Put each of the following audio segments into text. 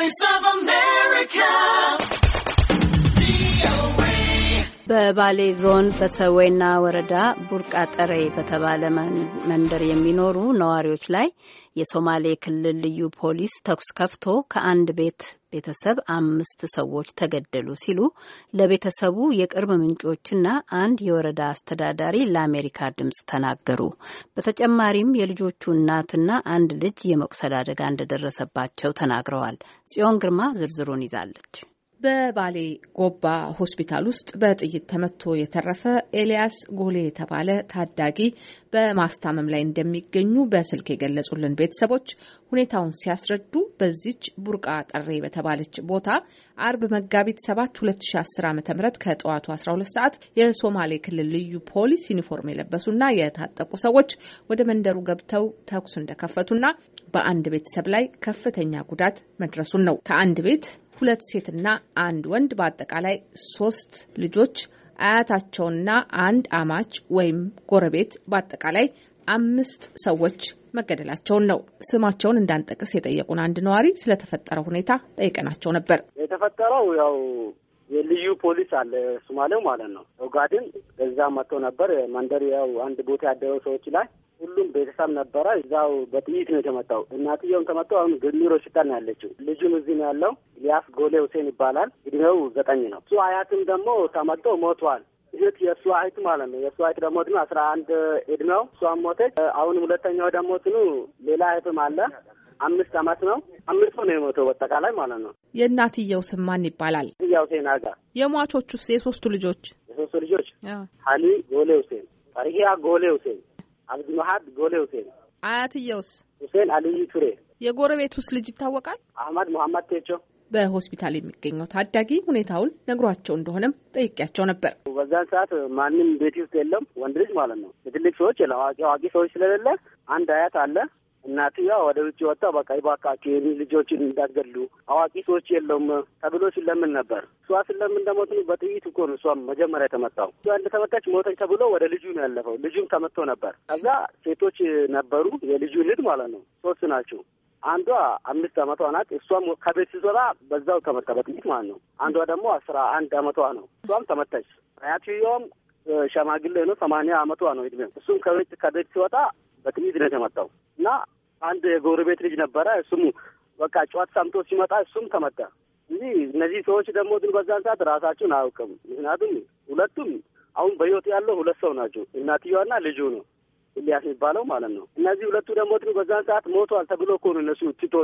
Voice of በባሌ ዞን በሰዌና ወረዳ ቡርቃ ጠሬ በተባለ መንደር የሚኖሩ ነዋሪዎች ላይ የሶማሌ ክልል ልዩ ፖሊስ ተኩስ ከፍቶ ከአንድ ቤት ቤተሰብ አምስት ሰዎች ተገደሉ ሲሉ ለቤተሰቡ የቅርብ ምንጮችና አንድ የወረዳ አስተዳዳሪ ለአሜሪካ ድምፅ ተናገሩ። በተጨማሪም የልጆቹ እናትና አንድ ልጅ የመቁሰል አደጋ እንደደረሰባቸው ተናግረዋል። ጽዮን ግርማ ዝርዝሩን ይዛለች። በባሌ ጎባ ሆስፒታል ውስጥ በጥይት ተመቶ የተረፈ ኤልያስ ጎሌ የተባለ ታዳጊ በማስታመም ላይ እንደሚገኙ በስልክ የገለጹልን ቤተሰቦች ሁኔታውን ሲያስረዱ በዚች ቡርቃ ጠሬ በተባለች ቦታ አርብ መጋቢት 7 2010 ዓ ም ከጠዋቱ 12 ሰዓት የሶማሌ ክልል ልዩ ፖሊስ ዩኒፎርም የለበሱና የታጠቁ ሰዎች ወደ መንደሩ ገብተው ተኩስ እንደከፈቱና በአንድ ቤተሰብ ላይ ከፍተኛ ጉዳት መድረሱን ነው። ከአንድ ቤት ሁለት ሴትና አንድ ወንድ በአጠቃላይ ሶስት ልጆች አያታቸውና አንድ አማች ወይም ጎረቤት በአጠቃላይ አምስት ሰዎች መገደላቸውን ነው። ስማቸውን እንዳንጠቅስ የጠየቁን አንድ ነዋሪ ስለተፈጠረው ሁኔታ ጠይቀናቸው ነበር። የተፈጠረው ያው የልዩ ፖሊስ አለ ሱማሌው ማለት ነው ኦጋድን እዛ መጥቶ ነበር መንደር ያው አንድ ቦታ ያደረው ሰዎች ላይ ሁሉም ቤተሰብ ነበረ። እዛው በጥይት ነው የተመጣው። እናትየውን ተመጣው። አሁን ሽታ ነው ያለችው ልጁም እዚህ ነው ያለው። ሊያስ ጎሌ ሁሴን ይባላል። እድሜው ዘጠኝ ነው። እሱ አያትም ደግሞ ተመጦ ሞቷል። እህት የእሱ አይት ማለት ነው። የእሱ አይት ደግሞ ድኑ አስራ አንድ እድሜው እሷም ሞተች። አሁንም ሁለተኛው ደግሞ ትኑ ሌላ አይትም አለ አምስት አመት ነው። አምስት ነው የሞተው በጠቃላይ ማለት ነው። የእናትየው ስም ማን ይባላል? ያው ሁሴን አጋ። የሟቾቹ የሶስቱ ልጆች የሶስቱ ልጆች ሀሊ ጎሌ ሁሴን፣ ፈሪሂያ ጎሌ ሁሴን አብዱልዋሀድ ጎሌ ሁሴን፣ አያትየውስ ሁሴን አልይ ቱሬ፣ ውስጥ ልጅ ይታወቃል? አህመድ መሐመድ ቴቾ በሆስፒታል የሚገኘው ታዳጊ ሁኔታውን ነግሯቸው እንደሆነም ጠይቄያቸው ነበር። በዛን ሰዓት ማንም ቤት ውስጥ የለም፣ ወንድ ልጅ ማለት ነው። የትልቅ ሰዎች አዋቂ አዋቂ ሰዎች ስለሌለ አንድ አያት አለ እናትየዋ ወደ ውጭ ወጣ በቃ ይባካችሁ የሚ ልጆችን እንዳትገድሉ አዋቂ ሰዎች የለውም ተብሎ ሲለምን ነበር። እሷ ስለምን ደግሞ ትንሽ በጥይት እኮ ነው እሷም መጀመሪያ የተመታው። እሷ እንደተመታች ሞተች ተብሎ ወደ ልጁ ነው ያለፈው። ልጁም ተመቶ ነበር። ከዛ ሴቶች ነበሩ የልጁ ልድ ማለት ነው። ሶስት ናቸው። አንዷ አምስት አመቷ ናት። እሷም ከቤት ስትወጣ በዛው ተመታ በጥይት ማለት ነው። አንዷ ደግሞ አስራ አንድ አመቷ ነው። እሷም ተመታች። አያትየዋም ሸማግሌ ነው። ሰማንያ አመቷ ነው እድሜ። እሱም ከቤት ከቤት ሲወጣ በጥይት ነው የተመታው እና አንድ የጎረቤት ልጅ ነበረ። እሱም በቃ ጨዋት ሰምቶ ሲመጣ እሱም ተመጣ እዚህ እነዚህ ሰዎች ደግሞ ግን በዛን ሰዓት ራሳቸውን አያውቅም። ምክንያቱም ሁለቱም አሁን በህይወት ያለው ሁለት ሰው ናቸው፣ እናትየዋና ልጁ ነው ኢልያስ የሚባለው ማለት ነው። እነዚህ ሁለቱ ደግሞ ግን በዛን ሰዓት ሞቷል ተብሎ እኮ ነው እነሱ ትቶ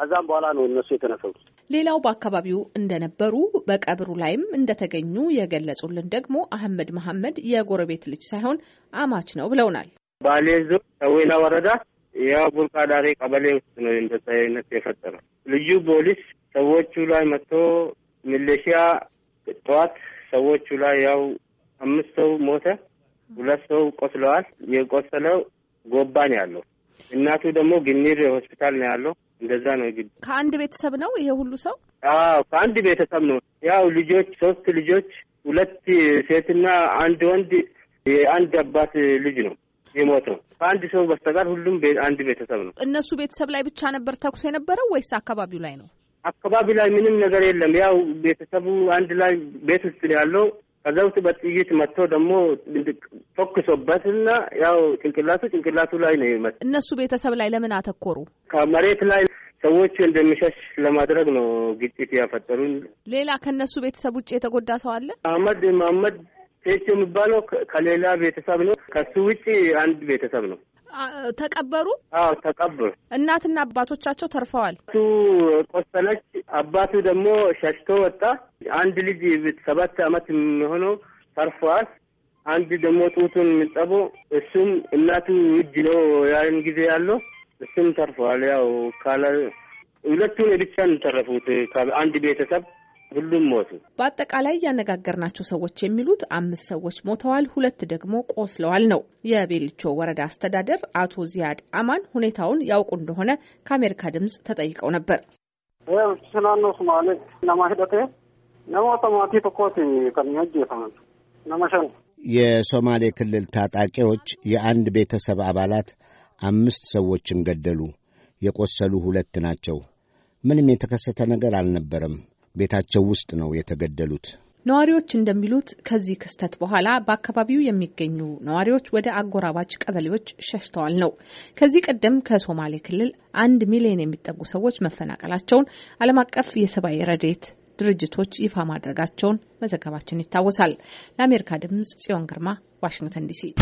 ከዛም በኋላ ነው እነሱ የተነሱት። ሌላው በአካባቢው እንደነበሩ በቀብሩ ላይም እንደተገኙ የገለጹልን ደግሞ አህመድ መሐመድ የጎረቤት ልጅ ሳይሆን አማች ነው ብለውናል። ባሌ ዞን ሰዌና ወረዳ ያው ዳሬ ቀበሌ ውስጥ ነው እንደዛ አይነት የፈጠረው። ልዩ ፖሊስ ሰዎቹ ላይ መጥቶ ሚሊሺያ ጠዋት ሰዎቹ ላይ ያው አምስት ሰው ሞተ፣ ሁለት ሰው ቆስለዋል። የቆሰለው ነው ያለው እናቱ ደግሞ ግኒር ሆስፒታል ነው ያለው። እንደዛ ነው። ከአንድ ቤተሰብ ነው ይሄ ሁሉ ሰው? አዎ ከአንድ ቤተሰብ ነው። ያው ልጆች ሶስት ልጆች፣ ሁለት ሴትና አንድ ወንድ የአንድ አባት ልጅ ነው። የሞተው አንድ ሰው በስተቀር ሁሉም አንድ ቤተሰብ ነው። እነሱ ቤተሰብ ላይ ብቻ ነበር ተኩሶ የነበረው ወይስ አካባቢው ላይ ነው? አካባቢ ላይ ምንም ነገር የለም። ያው ቤተሰቡ አንድ ላይ ቤት ውስጥ ያለው ከዘውት በጥይት መጥቶ ደግሞ ተኩሶበት እና ያው ጭንቅላቱ ጭንቅላቱ ላይ ነው ይመ እነሱ ቤተሰብ ላይ ለምን አተኮሩ? ከመሬት ላይ ሰዎች እንደሚሸሽ ለማድረግ ነው ግጭት ያፈጠሩ። ሌላ ከእነሱ ቤተሰብ ውጭ የተጎዳ ሰው አለ? አህመድ መሀመድ ቴት የሚባለው ከሌላ ቤተሰብ ነው። ከሱ ውጭ አንድ ቤተሰብ ነው። ተቀበሩ? አዎ ተቀብሩ። እናትና አባቶቻቸው ተርፈዋል። እሱ ቆሰለች፣ አባቱ ደግሞ ሸሽቶ ወጣ። አንድ ልጅ ሰባት አመት የሚሆነው ተርፈዋል። አንድ ደግሞ ጡቱን የሚጠቦ እሱም እናቱ እጅ ነው ያን ጊዜ ያለው እሱም ተርፈዋል። ያው ካለ ሁለቱን ብቻ ነው የተረፉት አንድ ቤተሰብ ሁሉም ሞቱ። በአጠቃላይ ያነጋገርናቸው ሰዎች የሚሉት አምስት ሰዎች ሞተዋል፣ ሁለት ደግሞ ቆስለዋል ነው። የቤልቾ ወረዳ አስተዳደር አቶ ዚያድ አማን ሁኔታውን ያውቁ እንደሆነ ከአሜሪካ ድምጽ ተጠይቀው ነበር። የሶማሌ ክልል ታጣቂዎች የአንድ ቤተሰብ አባላት አምስት ሰዎችን ገደሉ። የቆሰሉ ሁለት ናቸው። ምንም የተከሰተ ነገር አልነበረም። ቤታቸው ውስጥ ነው የተገደሉት። ነዋሪዎች እንደሚሉት ከዚህ ክስተት በኋላ በአካባቢው የሚገኙ ነዋሪዎች ወደ አጎራባች ቀበሌዎች ሸሽተዋል ነው። ከዚህ ቀደም ከሶማሌ ክልል አንድ ሚሊዮን የሚጠጉ ሰዎች መፈናቀላቸውን ዓለም አቀፍ የሰብአዊ ረዴት ድርጅቶች ይፋ ማድረጋቸውን መዘገባችን ይታወሳል። ለአሜሪካ ድምጽ ጽዮን ግርማ ዋሽንግተን ዲሲ